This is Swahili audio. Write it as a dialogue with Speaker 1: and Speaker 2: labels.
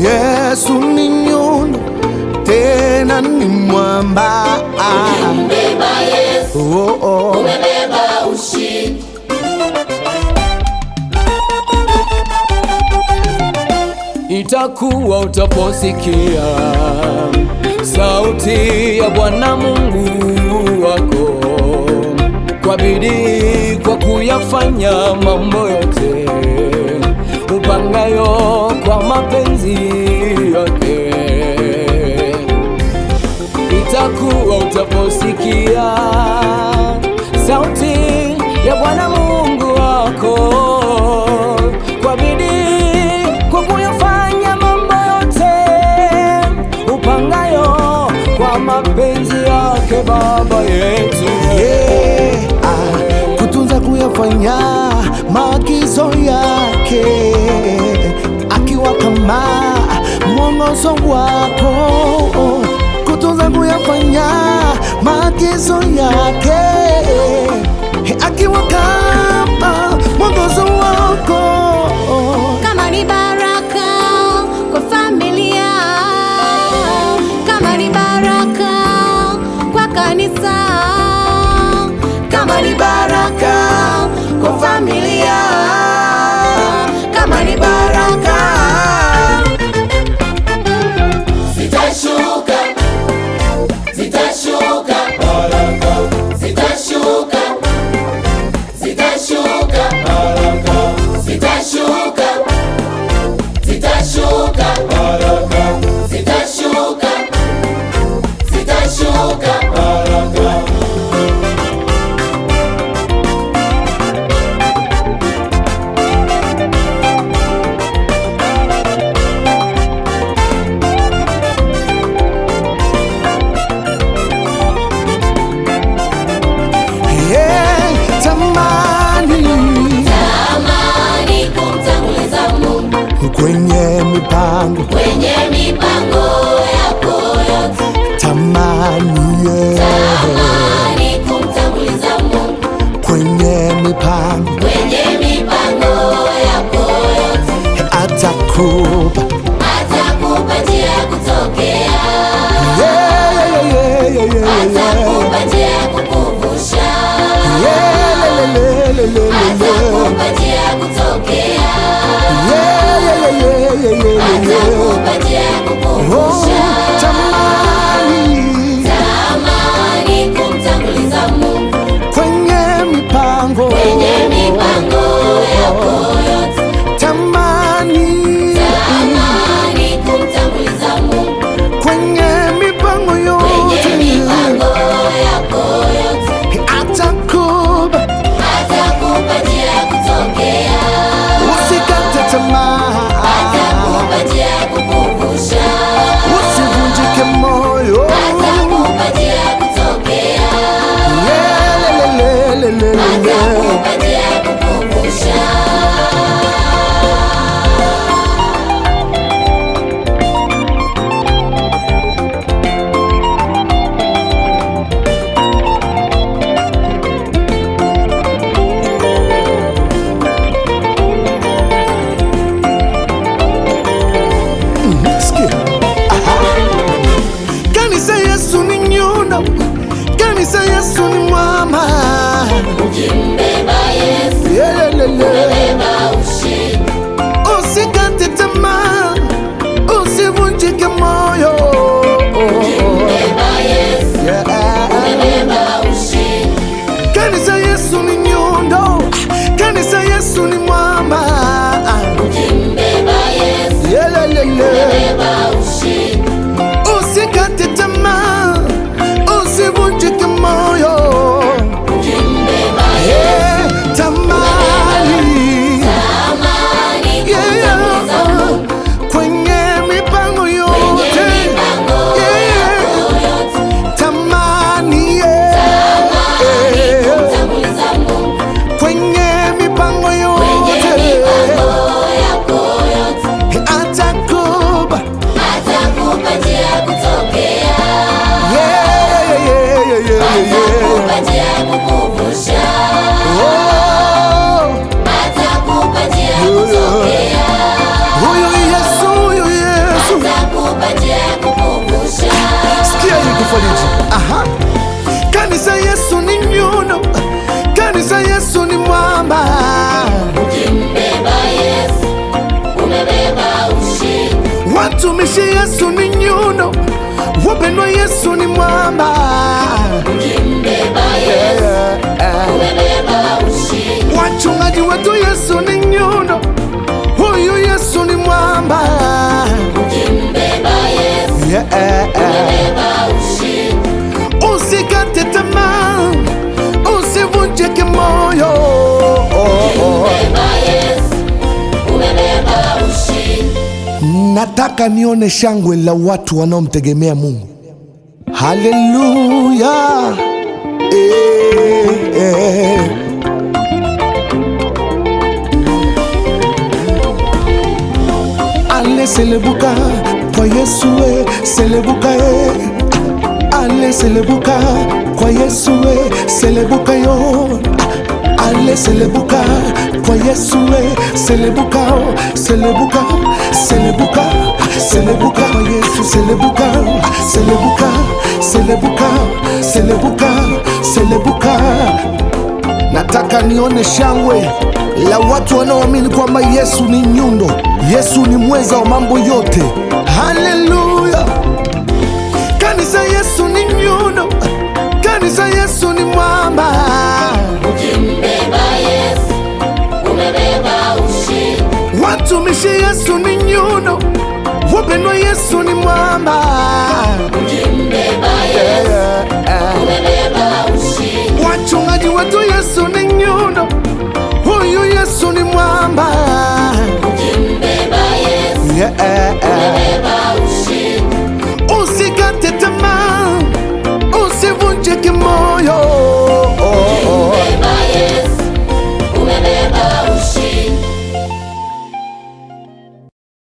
Speaker 1: Yesu ni nyundo tena ni mwamba.
Speaker 2: Ukimbeba Yesu, oh, oh, oh. Umebeba ushindi.
Speaker 1: Itakuwa utaposikia sauti ya Bwana Mungu wako kwa bidii, kwa kuyafanya mambo yote kusikia sauti ya Bwana Mungu wako kwa bidii, kwa kuyafanya mambo yote upangayo kwa mapenzi yake Baba yetu yeah. Ah, kutunza kuyafanya maagizo yake akiwa kama mwongozo wako kutunza kuyafanya maagizo yake, akiwa kama mwongozo wako,
Speaker 3: kama ni baraka kwa familia, kama ni baraka kwa kanisa, kama ni baraka kwa familia
Speaker 1: kwenye mipango,
Speaker 2: kwenye mipango yako yote
Speaker 1: tamani yeah, yeah. moyo kufariji. Aha. Kanisa Yesu ni nyuno, kanisa Yesu ni mwamba.
Speaker 2: Ukimbeba Yesu, umebeba ushindi.
Speaker 1: Watumishi Yesu ni nyuno, wapendwa Yesu ni mwamba.
Speaker 2: Ukimbeba Yesu, umebeba ushindi.
Speaker 1: Wachungaji wetu Yesu ni nyuno Nataka nione shangwe la watu wanaomtegemea Mungu. Haleluya, eh, eh. Ale selebuka kwa Yesu we eh, selebuka e eh. Ale selebuka kwa Yesu we eh, selebuka yo Ale selebuka kwa Yesu we selebuka o oh, selebuka le le le le Selebuka, Selebuka, le Selebuka. Nataka nione shangwe la watu wanaoamini kwamba Yesu ni nyundo, Yesu ni mweza wa mambo yote. Haleluya! Kanisa, Yesu ni nyundo, kanisa, Yesu ni mwamba.
Speaker 2: Ukimbeba Yesu umebeba ushindi.
Speaker 1: Watumishi, Yesu ni nyundo Yesu ni mwamba, Yesu, Wachungaji wetu Yesu ni nyundo, huyu Yesu ni mwamba,
Speaker 2: Yesu,